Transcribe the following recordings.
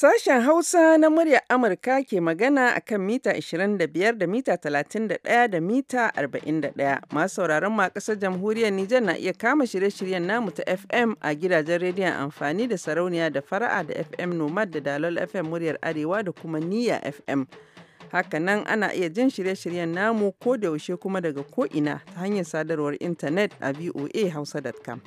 Sashen Hausa na muryar Amurka ke magana a kan mita 25 da mita 31 da mita 41. Masu sauraron ma ƙasar jamhuriyar Nijar na iya kama shirye-shiryen namu ta FM a gidajen rediyon amfani da sarauniya da fara'a da FM Nomad da Dalol FM muryar Arewa da kuma Niyya FM. Hakanan ana iya jin shirye-shiryen namu ko da yaushe kuma daga ko'ina ta hanyar sadarwar intanet a voahausa.com.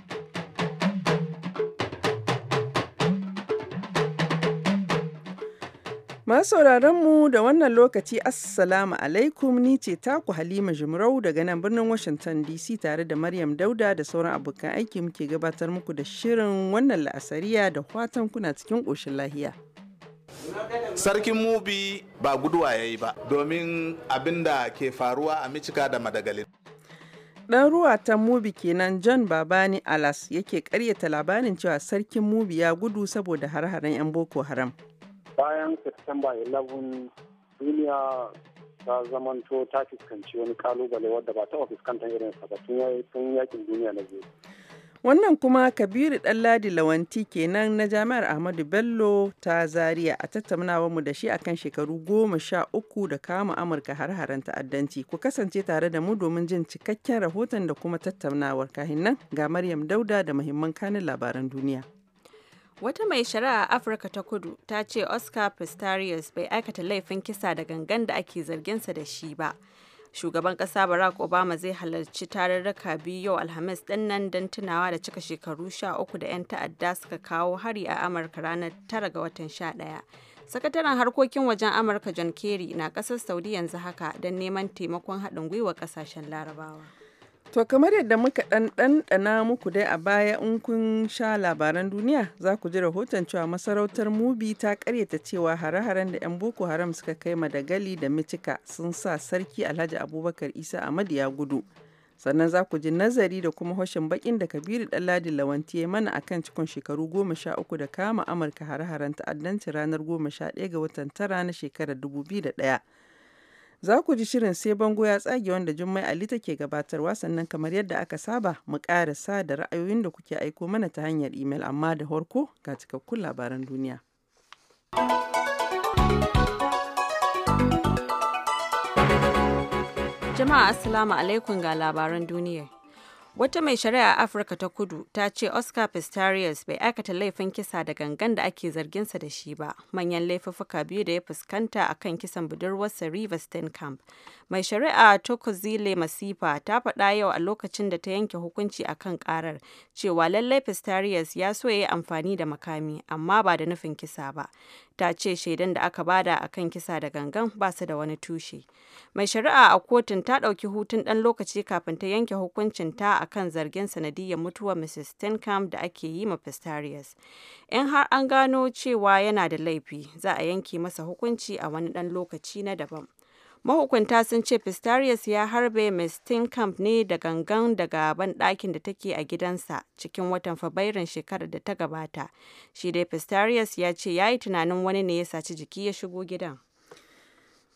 mu da wannan lokaci Assalamu alaikum ni ce taku Halima Jumrau daga nan birnin Washington DC tare da Maryam Dauda da sauran abokan aiki muke gabatar muku da shirin wannan la'asariya da fatan kuna cikin ƙoshin lahiya. Sarkin Mubi ba guduwa ya yi ba domin abin da ke faruwa a michigan da Madagali. Ɗan ruwa ta Mubi kenan John Babani Alas yake ƙaryata labarin cewa Sarkin Mubi ya gudu saboda har-haren 'yan Boko Haram. bayan september 11 duniya ta zamanto ta fuskanci wani kalubale wadda ba taɓa fuskantar irin sa ba tun yakin duniya na biyu wannan kuma kabiru ɗanladi lawanti kenan na jami'ar ahmadu bello ta zaria a tattaunawar mu da shi akan shekaru goma sha uku da kama amurka har haren ta'addanci ku kasance tare da mu domin jin cikakken rahoton da kuma tattaunawar kahin nan ga maryam dauda da muhimman kanin labaran duniya Wata mai shari'a a Afirka ta Kudu ta ce Oscar Pistorius bai aikata laifin kisa da gangan da ake zarginsa da shi ba. Shugaban kasa Barack Obama zai halarci tarurruka biyu yau Alhamis din nan don tunawa da cika shekaru sha uku da 'yan ta'adda suka kawo hari a Amurka ranar tara ga watan sha ɗaya. Sakataren harkokin wajen Amurka John Kerry na ƙasar Saudi yanzu haka don neman taimakon haɗin gwiwa ƙasashen Larabawa. To kamar yadda muka ɗanɗana muku dai a baya in kun sha labaran duniya za ku ji rahoton cewa masarautar Mubi ta karyata cewa hare-haren da 'yan Boko Haram suka kai Madagali da Mitika sun sa sarki Alhaji Abubakar Isa Ahmad ya gudu. Sannan za ku ji nazari da kuma hoshin bakin da Kabiru Ɗanladi Lawanti ya mana akan cikon shekaru goma sha uku da kama Amurka hare-haren ta'addanci ranar goma sha ɗaya ga watan tara na shekarar dubu biyu da ɗaya. Za ku ji shirin sai bango ya tsage wanda Jummai Ali take gabatarwa sannan kamar yadda aka saba mu karasa da ra'ayoyin da kuke aiko mana ta hanyar imel amma da horko ga cikakkun labaran duniya. Jama'a Assalamu alaikum ga labaran duniya. Wata mai shari'a a Afirka ta Kudu ta ce Oscar Pistorius bai aikata laifin kisa da gangan da ake zarginsa da shi ba, manyan laifuffuka biyu da ya fuskanta a kan kisan budurwarsa River Steenkamp. Mai shari'a Tokozile Masifa ta faɗa yau a lokacin da ta yanke hukunci a kan ƙarar cewa lallai Pistorius ya so ya yi amfani da makami, amma ba da nufin kisa ba. ta ce shaidan da aka bada a kan kisa da gangan ba su da wani tushe. Mai shari'a a kotun ta ɗauki hutun ɗan lokaci kafin ta yanke hukuncinta a kan zargin sanadiyyar mutuwar Mrs. Stenkamp da ake yi ma Pistarius. In har an gano cewa yana da laifi, za a yanke masa hukunci a wani ɗan lokaci na daban. Mahukunta sun ce Pistorius ya harbe Ms. Steenkamp ne da gangan daga banɗakin da take a gidansa cikin watan Fabrairun shekarar da ta gabata. Shi dai Pistorius ya ce ya yi tunanin wani ne ya saci jiki ya shigo gidan.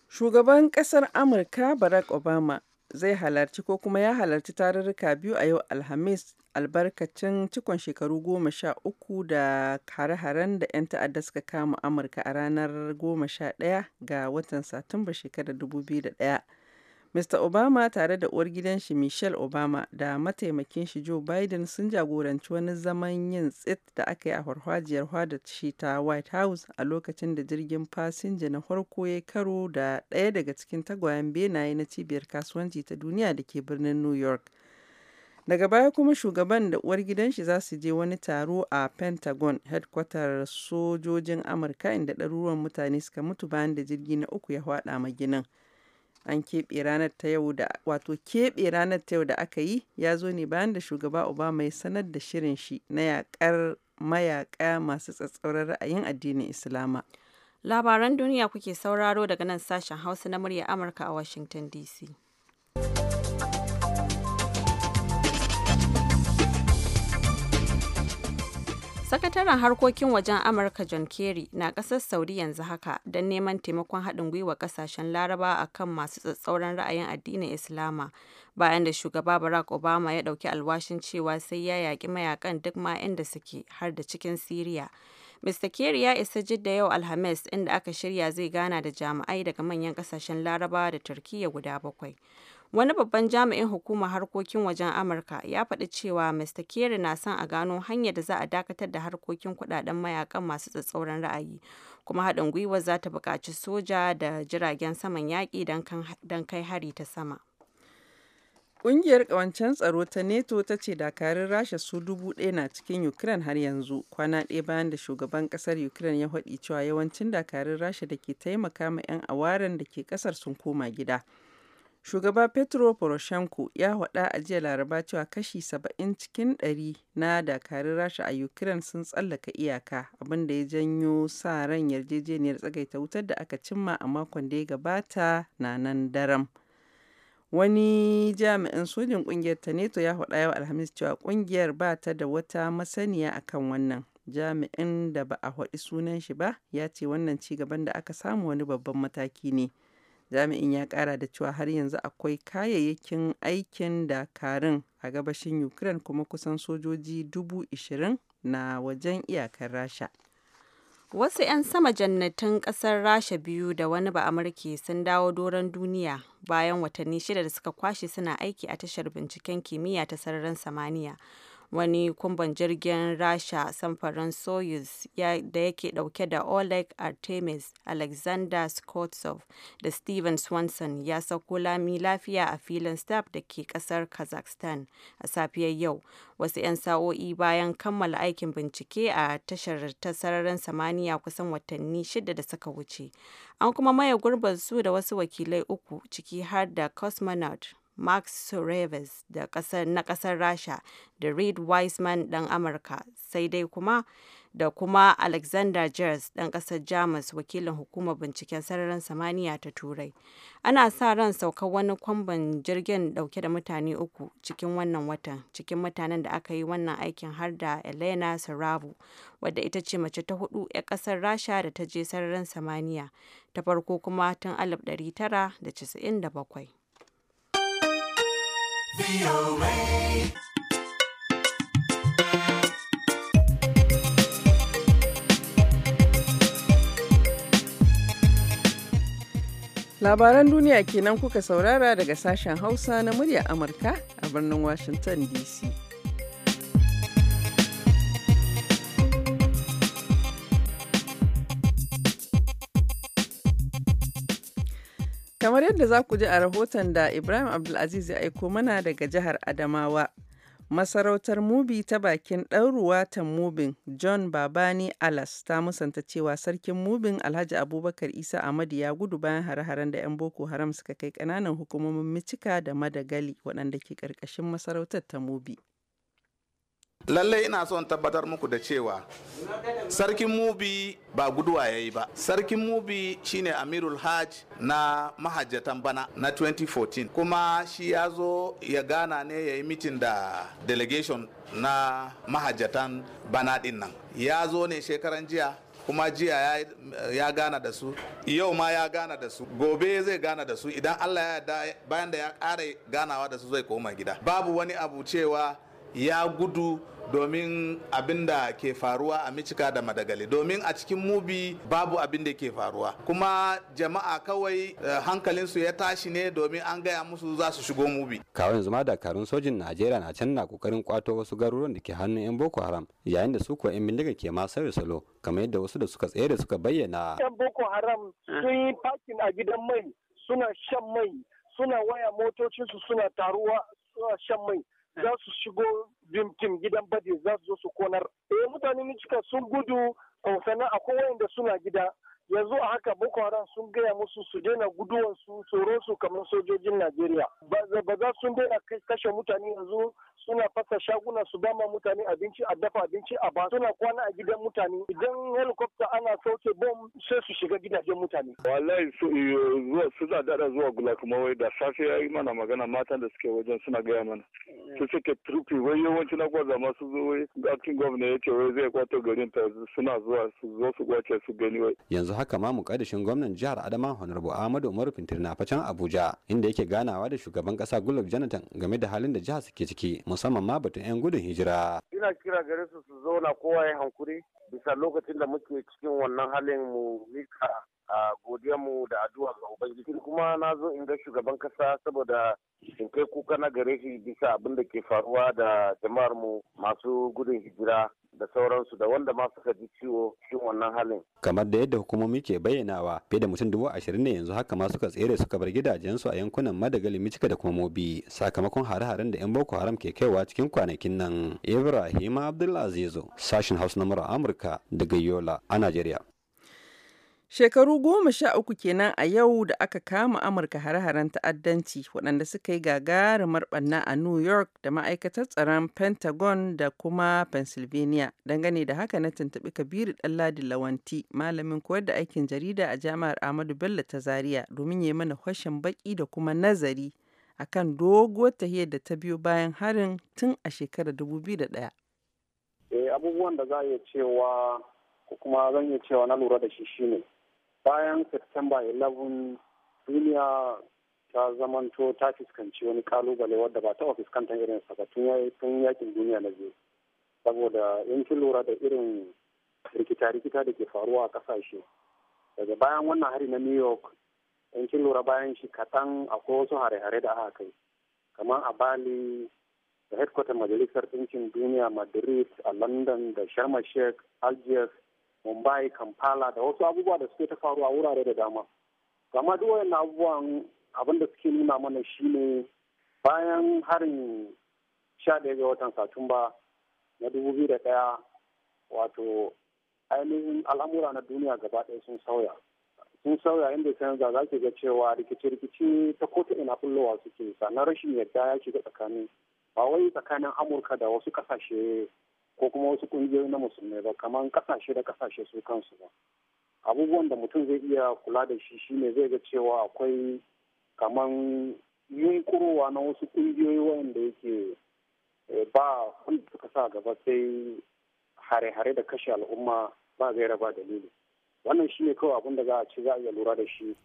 Shugaban kasar Amurka Barack Obama zai halarci ko kuma ya halarci tarurruka biyu a yau Alhamis albarkacin cikon shekaru goma sha uku da hare-haren da 'yan ta'adda suka kama Amurka a ranar goma sha ɗaya ga watan Satumba shekarar 2001. Mr. Obama tare da uwar gidan shi Michelle Obama da mataimakin shi Joe Biden sun jagoranci wani zaman yin tsit da aka yi a farfajiyar hada shi ta White House a lokacin da jirgin fasinja na farko ya karo da ɗaya daga cikin tagwayen benaye na cibiyar kasuwanci ta duniya da ke birnin New York. Daga baya kuma shugaban da uwar gidanshi za su je wani taro a Pentagon, headquarter sojojin Amurka inda ɗaruruwan mutane suka mutu bayan da jirgi na uku ya hwada maginin. An keɓe ranar ta yau da wato keɓe ranar ta yau da aka yi ya zo ne bayan da shugaba Obama ya sanar da shirin shi na yakar mayaka masu tsatsauran ra'ayin addinin Islama. Labaran duniya kuke sauraro daga nan sashen Hausa na murya Amurka a Washington DC. Sakataren harkokin wajen Amurka John Kerry na ƙasar Saudi yanzu haka don neman taimakon haɗin gwiwa ƙasashen Laraba a kan masu tsatsauran ra'ayin addinin Islama bayan da shugaba Barack Obama ya ɗauki alwashin cewa sai ya yaƙi mayakan duk ma inda suke har da cikin Siriya. Mr. Kerry ya isa Jidda yau Alhamis inda aka shirya zai gana da jami'ai daga manyan ƙasashen Laraba da Turkiyya guda bakwai. Wani babban jami'in Hukumar Harkokin Wajen Amurka ya faɗi cewa Mr. Kerry na son a gano hanyar da za a dakatar da harkokin kudaden mayakan masu tsatsauran ra'ayi, kuma haɗin gwiwar za ta buƙaci soja da jiragen saman yaƙi don kai hari ta sama. Ƙungiyar ƙawancen tsaro ta NATO ta ce dakarun Rasha su dubu ɗaya na cikin Ukraine har yanzu, kwana ɗaya bayan da shugaban ƙasar Ukraine ya faɗi cewa yawancin dakarun Rasha da ke taimaka ma 'yan awaren da ke ƙasar sun koma gida. Shugaba Petro Poroshenko ya faɗa a jiya Laraba cewa kashi 70 cikin ɗari na dakarun Rasha a Ukraine sun tsallaka iyaka, abinda ya janyo sa ran yarjejeniyar tsagaita wutar da aka cimma a makon da ya gabata na nan daram. Wani jami'in sojin kungiyar ta NATO ya faɗa yau Alhamis cewa kungiyar ba ta da wata masaniya akan wannan. Jami'in da ba a faɗi sunan shi ba ya ce wannan ci gaban da aka samu wani babban mataki ne. Jami'in ya kara da cewa har yanzu akwai kayayyakin aikin dakarun a gabashin Ukraine kuma kusan sojoji dubu na wajen iyakar Rasha. Wasu 'yan sama jannatin kasar Rasha biyu da wani ba amurki sun dawo doron duniya bayan watanni shida da suka kwashe suna aiki a tashar binciken kimiyya ta sararin samaniya. wani kumban jirgin rasha samfarin soyuz da yake dauke da oleg artemis alexander skotsov da steven swanson ya sauko lami lafiya a filin staff da ke kasar kazakhstan a safiyar yau wasu 'yan sa'o'i bayan kammala aikin bincike a tashar ta sararin samaniya kusan watanni shida da suka wuce an kuma maye gurbin su da wasu wakilai uku ciki har da cosmonaut Max Surevels na ƙasar Rasha da Reed Wiseman ɗan Amurka, sai dai kuma da kuma Alexander Jers ɗan ƙasar Jamus wakilin hukumar binciken sararin samaniya ta Turai. Ana sa ran saukar wani kwamban jirgin ɗauke da mutane uku cikin wannan watan, cikin mutanen da aka yi wannan aikin har da Elena Saravu, wadda ita ce mace ta hudu 'yar ƙasar Rasha da ta je sararin samaniya, ta farko kuma tun 1997. Labaran duniya kenan kuka saurara daga sashen Hausa na murya Amurka a birnin Washington DC. Kamar yadda za ku ji a rahoton da Ibrahim Abdulaziz ya aiko mana daga jihar Adamawa. Masarautar Mubi ta bakin ɗauruwa ta Mubin John Babani Alas ta musanta cewa sarkin Mubin Alhaji Abubakar Isa Ahmadu ya gudu bayan hare-haren da 'yan Boko Haram suka kai kananan hukumomin Micika da Madagali waɗanda ke ƙarƙashin masarautar ta Mubi. lallai ina son tabbatar muku da cewa sarkin mubi ba guduwa ya yi ba sarkin mubi shine amirul hajj na mahajjatan bana na 2014 kuma shi ya zo ya gana ne ya yi mitin da delegation na mahajjatan bana din nan ya zo ne shekaran jiya kuma jiya ya gana da su yau ma ya gana da su gobe zai gana da su idan allah ya yarda bayan da ya ƙara ganawa da su zai koma gida babu wani abu cewa ya gudu domin abin da ke faruwa a micika da madagali domin a cikin mubi babu abin da ke faruwa kuma jama'a kawai eh, hankalinsu ya tashi ne domin an gaya musu za su shigo mubi kawai yanzu ma dakarun sojin najeriya na can na kokarin kwato wasu garuruwan da ke hannun yan boko haram yayin da su kuwa yan bindiga ke ma sauya salo kamar yadda wasu da suka tsaye da suka bayyana yan boko haram sun yi fakin a gidan mai suna shan mai suna waya motocinsu suna taruwa suna shan mai za su shigo bimtim gidan bade za su zo su konar eh mutane cika sun gudu sannan akwai wayanda suna gida yanzu a haka boko haram sun gaya musu su daina guduwan su tsoron su kamar sojojin najeriya ba za sun daina kashe mutane yanzu suna fasa shaguna su bama mutane abinci a dafa abinci a ba suna kwana a gidan mutane idan helicopter ana sauke bom sai su shiga gidajen mutane wallahi su eh, zuwa su da dada zuwa gula kuma wai da safe yayi mana magana matan da suke wajen suna gaya mana mm. su suke trupi wai yawanci na gwaza ma su zo wai acting gwamna yake wai zai kwato garin ta suna zuwa su zo su gwace su gani wai yanzu haka ma mukaddashin gwamnan jihar adama honorable ahmadu umaru fintir na facen abuja inda yake ganawa da shugaban kasa goodluck jonathan game da halin da jihar suke ciki musamman ma batun yan gudun hijira ina kira gare su su zauna kowa ya hankuri bisa lokacin da muke cikin wannan halin mu mika a mu da addu'a ga ubangiji kuma na zo in ga shugaban kasa saboda in kai kuka na gare shi bisa abin da ke faruwa da jama'ar mu masu gudun hijira da sauransu da wanda ma suka ji ciwo cikin wannan halin. Kamar da yadda hukumomi ke bayyanawa fiye da mutum dubu ashirin ne yanzu haka ma suka tsere suka bar gidajensu a yankunan Madagali Micika da kuma Mobi sakamakon hare-haren da 'yan Boko Haram ke kaiwa cikin kwanakin nan. Ibrahim Abdulaziz sashin Hausa na Amurka daga Yola a Najeriya. Shekaru goma sha uku kenan a yau da aka kama Amurka hare-haren ta'addanci waɗanda suka yi gagarumar ɓanna a New York da ma'aikatar tsaron Pentagon da kuma Pennsylvania. Dangane da haka na tuntuɓi Kabiru Ɗanladi Lawanti, malamin koyar da aikin jarida a Jami'ar Ahmadu Bello ta Zaria domin ya mana hwashin baki da kuma nazari akan doguwar tahiyar da ta biyo bayan harin tun a shekarar 2001. Eh abubuwan da za a iya cewa ko kuma zan iya cewa na lura da shi shine bayan september 11 duniya ta zamanto ta fuskanci wani kalubale wadda ba ta fuskantar irin sa ba tun yakin duniya na biyu saboda in kin lura da irin rikita-rikita da ke faruwa a kasashe daga bayan wannan hari na new york in kin lura bayan shi kaɗan akwai wasu hare-hare da aka kai kamar a bali da headquarter majalisar ɗinkin duniya madrid a london da sharma sheikh algiers mumbai kampala da wasu abubuwa da suke ta faruwa wurare da dama amma duk wayan abubuwan abin da suke nuna mana shine bayan harin sha ɗaya ga watan satumba na dubu biyu da ɗaya wato ainihin al'amura na duniya gaba ɗaya sun sauya sun sauya inda sai yanzu za ga cewa rikice-rikice ta kotu ina fullowa suke sannan rashin yadda ya shiga tsakanin ba wai tsakanin amurka da wasu kasashe ko kuma wasu kungiyoyi na musulmai ba kamar kasashe da kasashe su kansu ba abubuwan da mutum zai iya kula da shi shine zai ga cewa akwai kamar yunkurowa na wasu ƙungiyoyi wanda yake eh, ba wanda suka sa gaba sai hare-hare da kashe al'umma ba zai raba dalili wannan shi ne kawai abin da za a ci za a iya lura da shi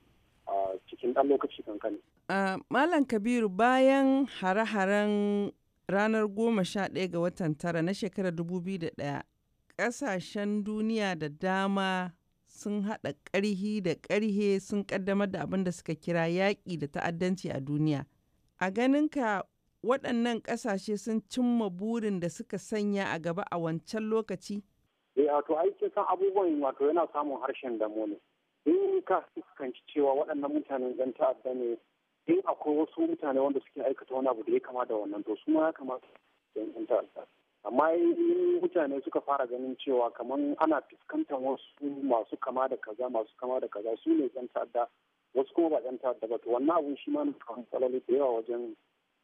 a cikin ɗan lokaci kankani. Ah, malam kabiru bayan hare-haren ranar 11 ga watan tara na shekarar 2001 ƙasashen duniya da dama sun haɗa ƙarhi da ƙarhe sun ƙaddamar da abin da suka kira yaƙi da ta'addanci a duniya. A ganin ka waɗannan ƙasashe sun cimma burin da suka sanya a gaba a wancan lokaci? Eh, wato aikin san abubuwan wato yana samun harshen damo ne. In ka fuskanci cewa waɗannan mutanen zan ta'adda ne in akwai wasu mutane wanda suke aikata wani abu da ya kama da wannan to su ma ya kamata su ta'adda amma in mutane suka fara ganin cewa kamar ana fuskantar wasu masu kama da kaza masu kama da kaza su ne yan ta'adda wasu kuma ba yan ta'adda ba to wannan abun shi ma na kawo matsaloli da yawa wajen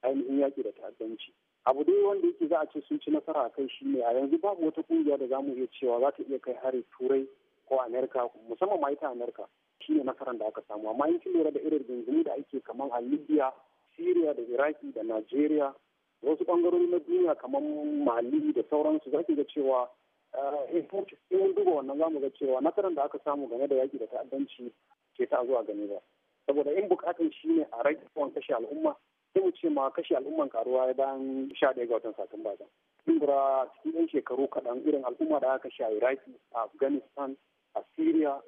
ainihin yaƙi da ta'addanci abu dai wanda yake za a ce sun ci nasara a kai shi ne a yanzu babu wata ƙungiya da za mu iya cewa za ta iya kai hari turai ko amerika musamman ma ita amerika shi ne nasarar da aka samu amma yin lura da irin gungun da ake kamar a libya syria da iraki da nigeria wasu bangarori na duniya kamar mali da sauransu za ga cewa eh, in duba wannan zamu ga cewa nasarar da aka samu game da yaki da ta'addanci ke ta zuwa gani ba saboda in bukatan shi ne a rage yawan kashe al'umma sai mu ce ma kashe al'umman karuwa ya bayan sha ɗaya ga watan satumba da in cikin 'yan shekaru kaɗan irin al'umma da aka kashe a iraki a afghanistan a syria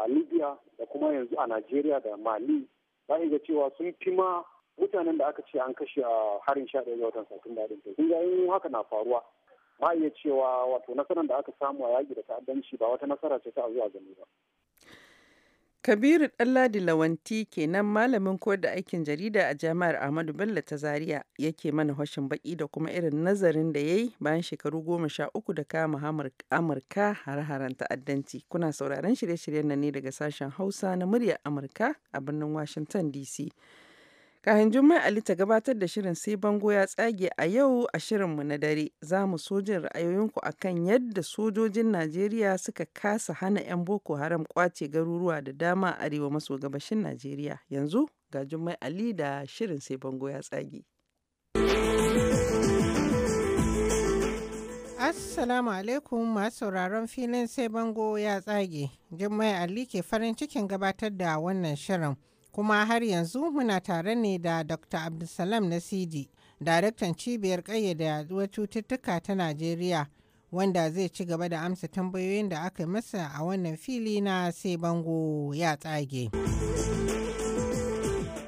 a libya da kuma yanzu a nigeria da mali za ga cewa sun fi ma mutanen da aka ce an kashe a harin sha ɗaya watan satumba din to kun ga yin haka na faruwa ma iya cewa wato nasarar da aka samu a yaƙi da ta'addanci ba wata nasara ce ta a zuwa gani ba Kabiru Ɗanladi Lawanti kenan malamin koyar da aikin jarida a Jami'ar Ahmadu Bello ta Zaria yake mana hoshin baki da kuma irin nazarin da ya yi bayan shekaru goma sha uku da kama Amurka har-haren ta'addanci. Kuna sauraron shirye-shiryen nan ne daga sashen Hausa na muryar Amurka a birnin Washington DC. Kafin Jummai Ali ta gabatar da shirin sai bango ya tsage a yau a shirinmu na dare. Za mu so jin ra'ayoyinku akan yadda sojojin Najeriya suka kasa hana 'yan Boko Haram kwace garuruwa da dama a arewa maso gabashin Najeriya. Yanzu ga Jummai Ali da shirin sai bango ya tsage. Assalamu alaikum masu sauraron filin sai bango ya tsage. Jummai Ali ke farin cikin gabatar da wannan shirin. kuma har yanzu muna tare ne da dr abdulsalam nasidi daraktan cibiyar ƙayyada yaduwar cututtuka ta najeriya wanda zai ci gaba da amsa tambayoyin da aka masa a wannan fili na sai bango ya tsage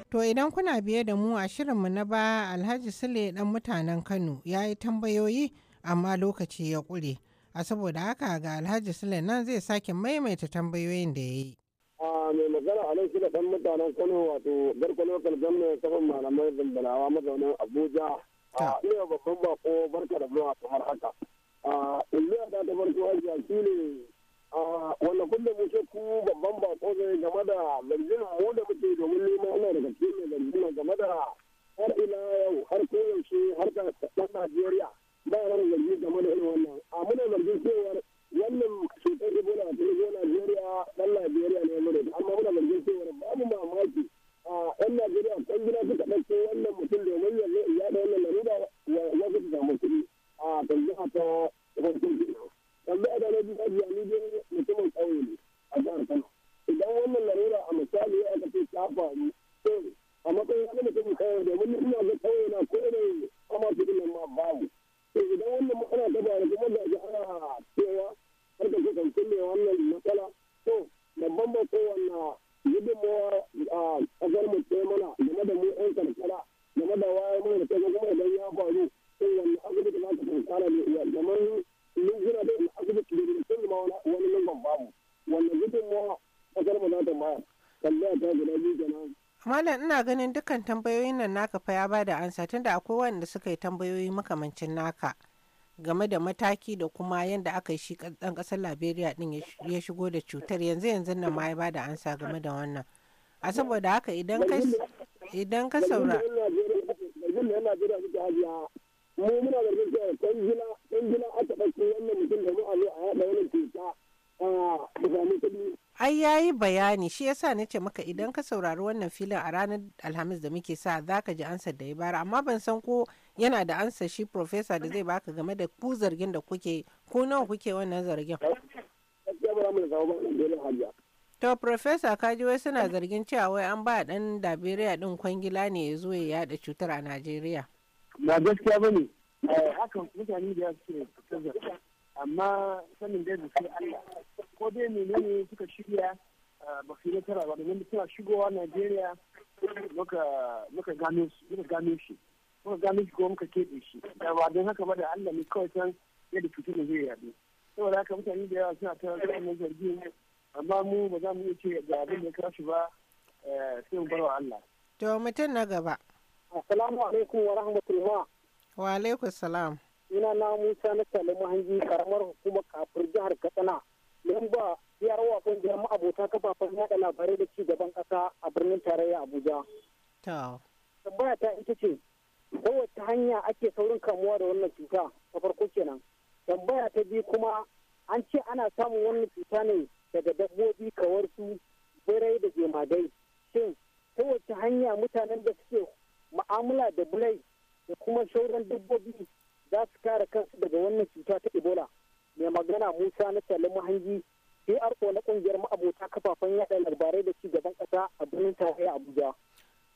to idan kuna biye da mu a shirinmu na ba alhaji sule dan mutanen kano ya yi tambayoyi amma lokaci ya ƙure a saboda haka ga alhaji sule nan zai sake maimaita tambayoyin da ya yi a mai magana a nan da dan mutanen kano wato garko lokal gwamna saman malamai zambalawa mazaunin abuja a iya babban bako barka da zuwa kamar haka a iliya ta ta farko ajiya shi ne a wanda kullum mu ku babban bako zai game da lamjina mu da muke domin neman ana daga cikin lamjina game da har ila yau har koyaushe harkar ɗan najeriya ba ran zargi game da irin wannan a muna zargin cewar wannan cutar ebola ta dan Najeriya ne mu amma muna zargin cewa babu mamaki ganin dukkan tambayoyin nan naka fa ya bada ansa tunda akwai wanda suka yi tambayoyi makamancin naka game da mataki da kuma yadda aka yi shi ɗan ƙasar liberia ɗin ya shigo da cutar yanzu yanzu nan ma ya bada ansa game da wannan a saboda haka idan ka idan ka saura mu muna da rikin kan gina kan gina aka ɗauki wannan mutum da mu a zo a yaɗa wani cuta a sami kuɗi ai ya yi bayani shi yasa na ce maka idan ka saurari wannan filin a ranar alhamis da muke sa za ka ji ansar da ya bara amma ban san ko yana da ansa shi profesa da zai baka game da ku zargin da kuke ku nawa kuke wannan zargin to profesa ji wai suna zargin cewa wai an ba dan daberiya din kwangila ne ya zo ya yada cutar a najeriya na gaskiya ne eh, hakan mutane da suke amma sanin da su Allah ko dai menene suka shirya ba su yi nasara ba domin suna shigowa najeriya muka gano shi muka gano shi ko muka keɓe shi da ba don haka ba da allah ne kawai san yadda cutar da zai yaɗu saboda haka mutane da yawa suna ta wannan zargin amma mu ba za mu iya ce ga abin da kashi ba sai mu bar wa allah. to mutum na gaba. assalamu alaikum wa rahmatullah. wa alaikum salam. ina na musa na salimu hanji karamar hukumar kafin jihar katsina. don ba wa kungiyar ma'abota kafafen yada labarai da ci gaban kasa a birnin tarayya abuja tambaya ta ita ce ta wacce hanya ake saurin kamuwa da wannan cuta ta farko kenan tambaya ta biyu kuma an ce ana samun wannan cuta ne daga dabbobi kawar su birai da jemagai shin ta wacce hanya mutanen da suke ma'amala da bulai da kuma sauran dabbobi za su kare kansu daga wannan cuta ta ebola mai magana musa na talin mahangi pr arko na kungiyar ma'abota kafafen yada labarai da ci gaban kasa a birnin tarayya abuja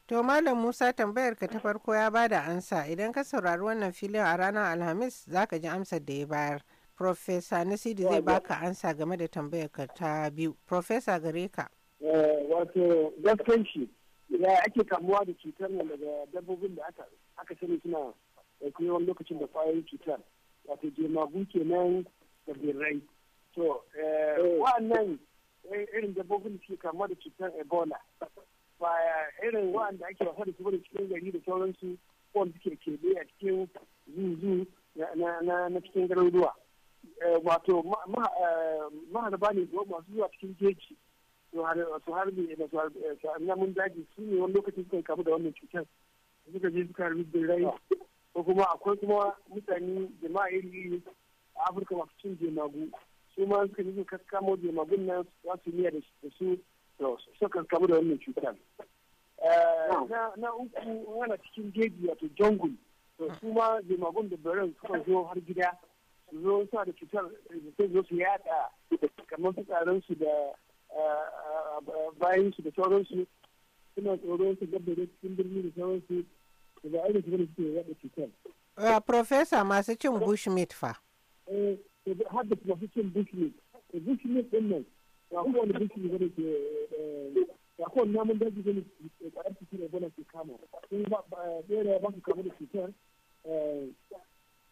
to malam musa tambayar ka ta farko ya bada ansa idan ka saurari wannan filin a ranar alhamis za ka ji amsar da ya bayar Profesa Nasidi zai baka ansa game da tambayar ka ta biyu. Profesa gare ka. Eh, wato gaskan shi ya ake kamuwa da cutar nan daga dabbobin da aka sani suna kuma lokacin da kwayoyin cutar. Wato jemagu kenan da birrai to eh, eh. wa'annan eh, irin dabbobin da suke kamuwa da cutar ebola ba irin wa'anda ake wasa da su da cikin gari da sauransu wanda suke kebe a cikin zuzu na cikin garuruwa wato maharba ne masu zuwa cikin jeji su harbi da su namun daji su ne wani lokacin suka kamu da wannan cutar suka je suka rubin rai, ah. ko kuma akwai kuma mutane jama'a iri iri afirka masu cin jemagu su ma suka nufin kaskamo jemagun nan za su miya da su su kaskamo da wannan cutar eh, na uku wani cikin jeji wato jungle to su ma jemagun da biran suka zo har gida su zo suna da cutar da zo su yada kamar fitsarin su da eh, eh, bayan su da su suna tsoron su dabba da cikin birni da su da ba a irin su ne suke yada cutar. Profesa masu cin bushmeat fa. Eh, har eh, eh, da masu cin bushmeat bushmeat din nan ba kowane bushmeat ne ke ba namun daji ne cikin ke kama sun ba ɗaya ba da cutar ba su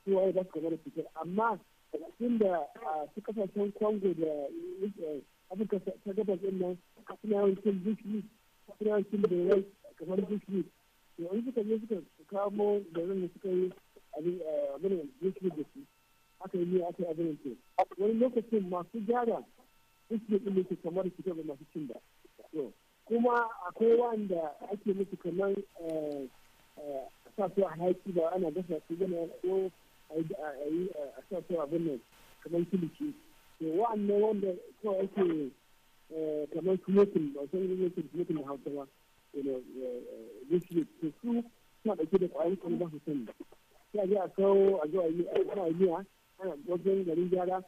kama da cutar amma inda su kasashen congo da afirka ta gabas nan suna cin suna cin kamar in suka je suka kamo suka yi abin aka yi a kai abin ke wani lokacin masu gyara suke ɗin su kamar su da masu cin ba kuma akwai wanda ake musu kamar sa su a haƙi ba ana gasa su gana ko a sa su a nan kamar kiliki to wa'annan wanda kawai ake eh, kamar smokin ba san yi yankin hausa ba eh, eh, su suna ɗauke da ƙwayar ba su sani sai a je a kawo a zo a yi a wajen garin gyara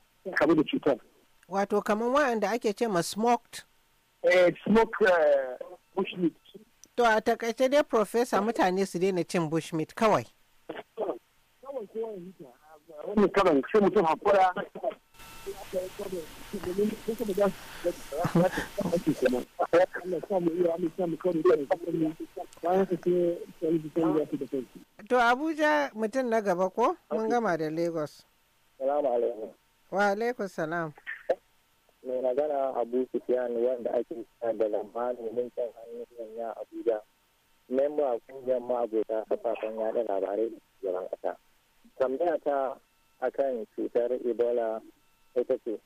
da Wato kamar wa'anda ake ce ma smoked? Eh, smoke eh, bushmeat. To a takaice dai Profesa mutane su daina cin bushmeat kawai. To Abuja mutum na gaba ko? Mun gama da Lagos. Salamu alaikum. Wa alaikum salam. Mai magana Abu Sufyan wanda ake sa da lambani mun can hannun yanya Abuja. Memba kungiyar ma'abota kafafen yada labarai da shugaban ƙasa. Tambaya ta akan cutar Ebola ita ce.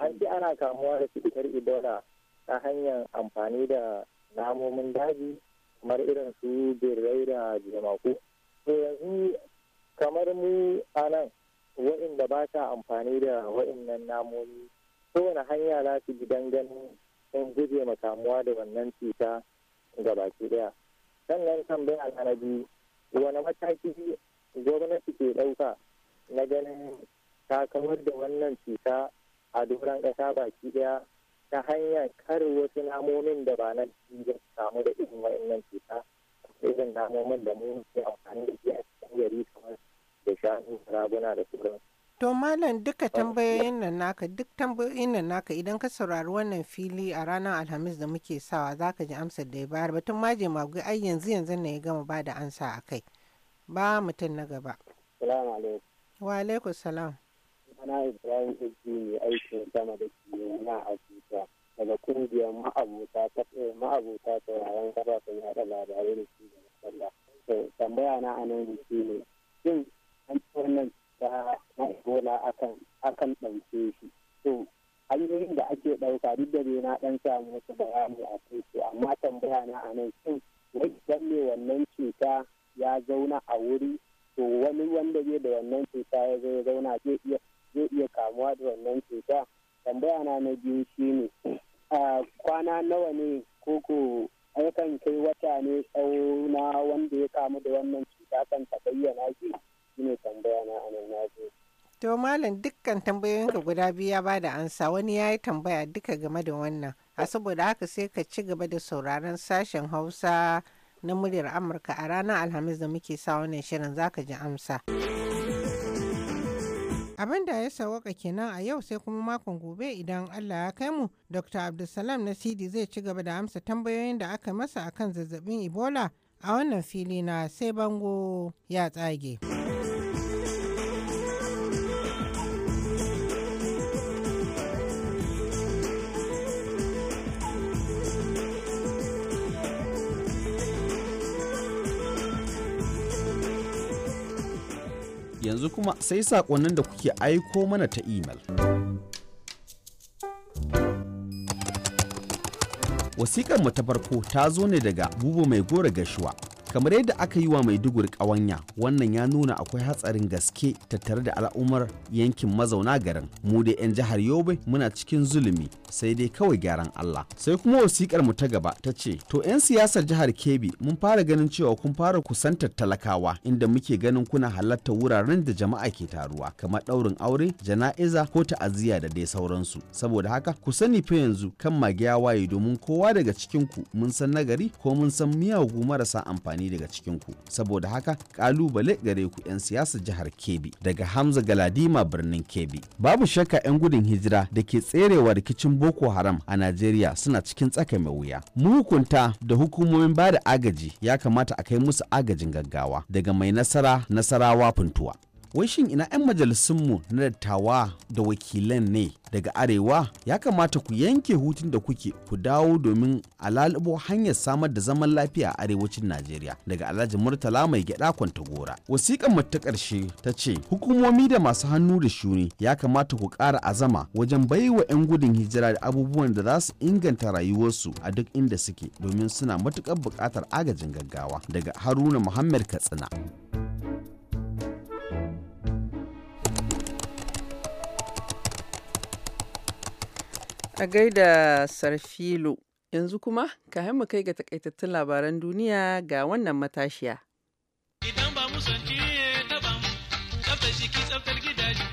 An ji ana kamuwa da cutar Ebola ta hanyar amfani da namomin daji kamar irin su birrai da jimaku To yanzu kamar mu a nan waɗanda ba ta amfani da waɗannan namomi kowane hanya za su bi ganin sun guje ma kamuwa da wannan cuta ga baki daya sannan tambaya na biyu wani mataki gwamnati ke ɗauka na ganin ta kawar da wannan cuta a doron ƙasa baki daya ta hanyar kar wasu namomin da ba na samu da irin wa'annan cuta irin namomin da mu ke amfani da shi a cikin gari kamar da raguna da sauran to malam duka tambayoyin nan naka duk tambayoyin nan naka idan ka saurari wannan fili a ranar alhamis da muke sawa za ka ji amsar da ya bayar batun maje magu ai yanzu yanzu ne ya gama ba da ansa a kai ba mutum na gaba salamu alaikum wa alaikum salam ana ibrahim ibbi ne aikin sama da kiyo na abuja daga kungiyar ma'abuta ta eh, ma'abuta ta yaran kafafen yada labarai da su da tambaya na anan shi ne kamfanin ta Ebola akan ɗauke shi. To, hanyoyin da ake ɗauka duk da na ɗan samu wasu bayani a kai su amma tambaya na a nan shin wajen ne wannan cuta ya zauna a wuri to wani wanda zai da wannan cuta ya zai zauna zai iya iya kamuwa da wannan cuta tambaya na na biyu ne kwana nawa ne koko aikan kai wata ne tsawo na wanda ya kamu da wannan cuta kan ta bayyana shi ne tambaya na anan na zo to malam dukkan tambayoyin tambayoyinka guda biyu ya ba da ansa wani ya yi tambaya duka game da wannan a saboda haka sai ka ci gaba da sauraron sashen hausa na muryar amurka a ranar alhamis da muke sa wannan shirin zaka ji amsa abin da ya sawaka kenan a yau sai kuma makon gobe idan allah ya kai mu dr abdulsalam na sidi zai ci gaba da amsa tambayoyin da aka masa akan zazzabin ebola a wannan fili na sai bango ya tsage. yanzu kuma sai saƙonnin da kuke aiko mana ta imel. Wasiƙar mu ta farko ta zo ne daga bubu mai gora gashuwa kamar yadda aka yi wa maiduguri ƙawanya wannan ya nuna akwai hatsarin gaske tattare da al'ummar yankin mazauna garin mu da 'yan jihar yobe muna cikin zulumi sai dai kawai gyaran allah sai kuma wasikar mu ta gaba ta ce to 'yan siyasar jihar kebbi mun fara ganin cewa kun fara kusantar talakawa inda muke ganin kuna halartar wuraren da jama'a ke taruwa kamar ɗaurin aure jana'iza ko ta'aziyya da dai sauransu saboda haka ku sani fa yanzu kan magiya waye domin kowa daga cikin ku mun san nagari ko mun san miyagu marasa amfani amfani daga cikin ku saboda haka kalubale gare ku 'yan siyasar jihar kebbi daga hamza galadima birnin kebbi babu shakka 'yan gudun hijira da ke tserewa rikicin boko haram a najeriya suna cikin tsaka mai wuya muhukunta da hukumomin ba da agaji ya kamata a kai musu agajin gaggawa daga mai nasara nasarawa funtuwa wai shin ina 'yan majalisunmu na dattawa da wakilan ne daga arewa ya kamata ku yanke hutun da kuke ku dawo domin alalibo hanyar samar da zaman lafiya a arewacin najeriya daga alhaji murtala mai gyada kwantagora wasiƙan mu ta ƙarshe ta ce hukumomi da masu hannu da shuni ya kamata ku ƙara azama wajen bai wa 'yan gudun hijira da abubuwan da za su inganta rayuwarsu a duk inda suke domin suna matuƙar buƙatar agajin gaggawa daga haruna muhammad katsina. A gaida Sarfilo, yanzu kuma ka mu kai ga takaitattun labaran duniya ga wannan matashiya. Idan ba ta ba mu, tsaftar jiki tsaftar gidaje.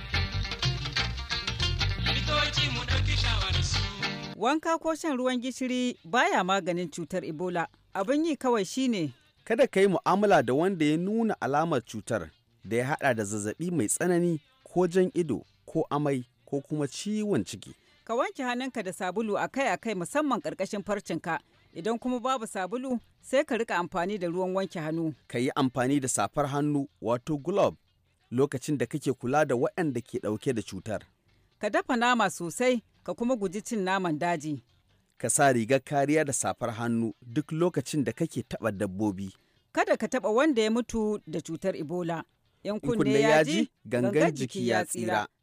mu ɗauki Wanka ko shan ruwan gishiri baya maganin cutar Ebola. Abin yi kawai shine. Kada ka yi mu'amala da wanda ya nuna alamar cutar da ya haɗa da zazzabi mai tsanani ko jan ido ko amai ko kuma ciwon ciki. Ka wanke hannunka da sabulu akai-akai musamman ƙarƙashin farcinka. Idan kuma babu sabulu, sai ka rika amfani da ruwan wanke hannu. Ka yi amfani da safar hannu wato glove lokacin da kake kula da waɗanda ke ɗauke da cutar. Ka dafa nama sosai, ka kuma guji cin naman daji. Ka sa rigar kariya da safar hannu duk lokacin da kake taɓa dabbobi. Kada ka taɓa wanda ya mutu da cutar Ebola. Yan kunne ya ji, gangan jiki ya tsira.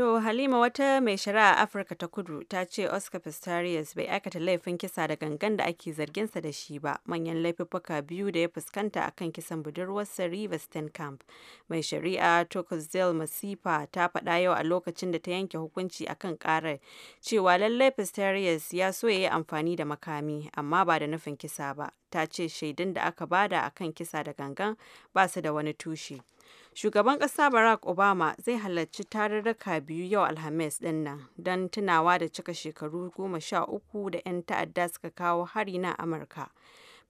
To Halima wata mai shari'a a Afirka ta Kudu ta ce Oscar Pistorius bai aikata laifin kisa da gangan da ake zarginsa da shi ba, manyan laifuffuka biyu da ya fuskanta akan kisan budurwarsa Riva Camp. Mai shari'a Tocqueville Masifa ta faɗa yau a lokacin da ta yanke hukunci akan ƙarar cewa lallai Pistorius ya so ya yi amfani da makami amma ba da nufin kisa ba. Ta ce shaidun da aka bada akan kisa da gangan ba su da wani tushe. Shugaban kasa Barack Obama zai halarci tararraka biyu yau Alhamis ɗinnan nan don tunawa da cika shekaru goma sha uku da 'yan ta'adda suka kawo hari na Amurka.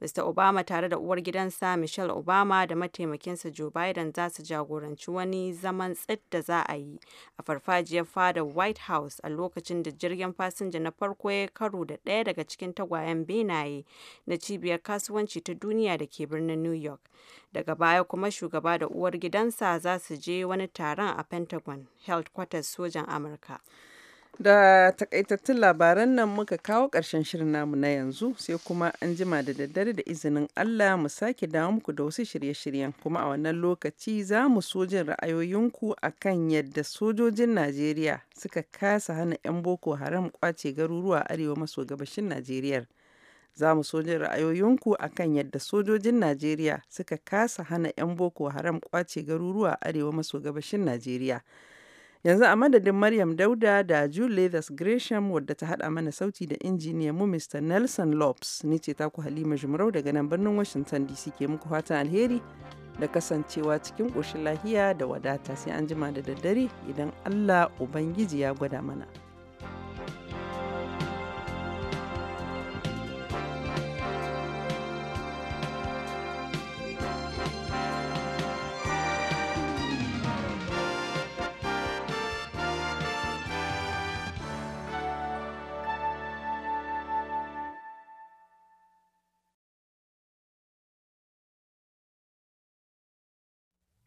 Mr. Obama tare da uwar gidansa Michelle Obama da mataimakinsa Joe Biden za su jagoranci wani zaman tsit da za a yi a farfajiyar fadar White House a lokacin da jirgin fasinja na farko ya karo da ɗaya daga cikin tagwayen benaye na cibiyar kasuwanci ta duniya da ke birnin New York. Daga baya kuma shugaba da uwar gidansa za su je wani taron a Pentagon, health quarters sojan Amurka. Da takaitattun labaran nan muka kawo ƙarshen shirin namu na yanzu sai kuma an jima da daddare da izinin Allah mu sake dawo muku da wasu shirye-shiryen kuma a wannan lokaci za mu so jin ra'ayoyinku kan yadda sojojin Najeriya suka kasa hana 'yan Boko Haram kwace garuruwa arewa maso gabashin Najeriya. Za mu so jin ra'ayoyinku akan yadda sojojin Najeriya suka kasa hana 'yan Boko Haram kwace garuruwa arewa maso gabashin Najeriya. Yanzu a madadin Maryam Dauda da jule Leathers Gresham wadda ta haɗa mana sauti da injiniyan mu Mr. Nelson Lopes ni ce taku Halima Jumrau daga nan birnin Washington DC ke muku fatan alheri da kasancewa cikin ƙoshin lahiya da wadata sai an jima da daddare idan Allah Ubangiji ya gwada mana.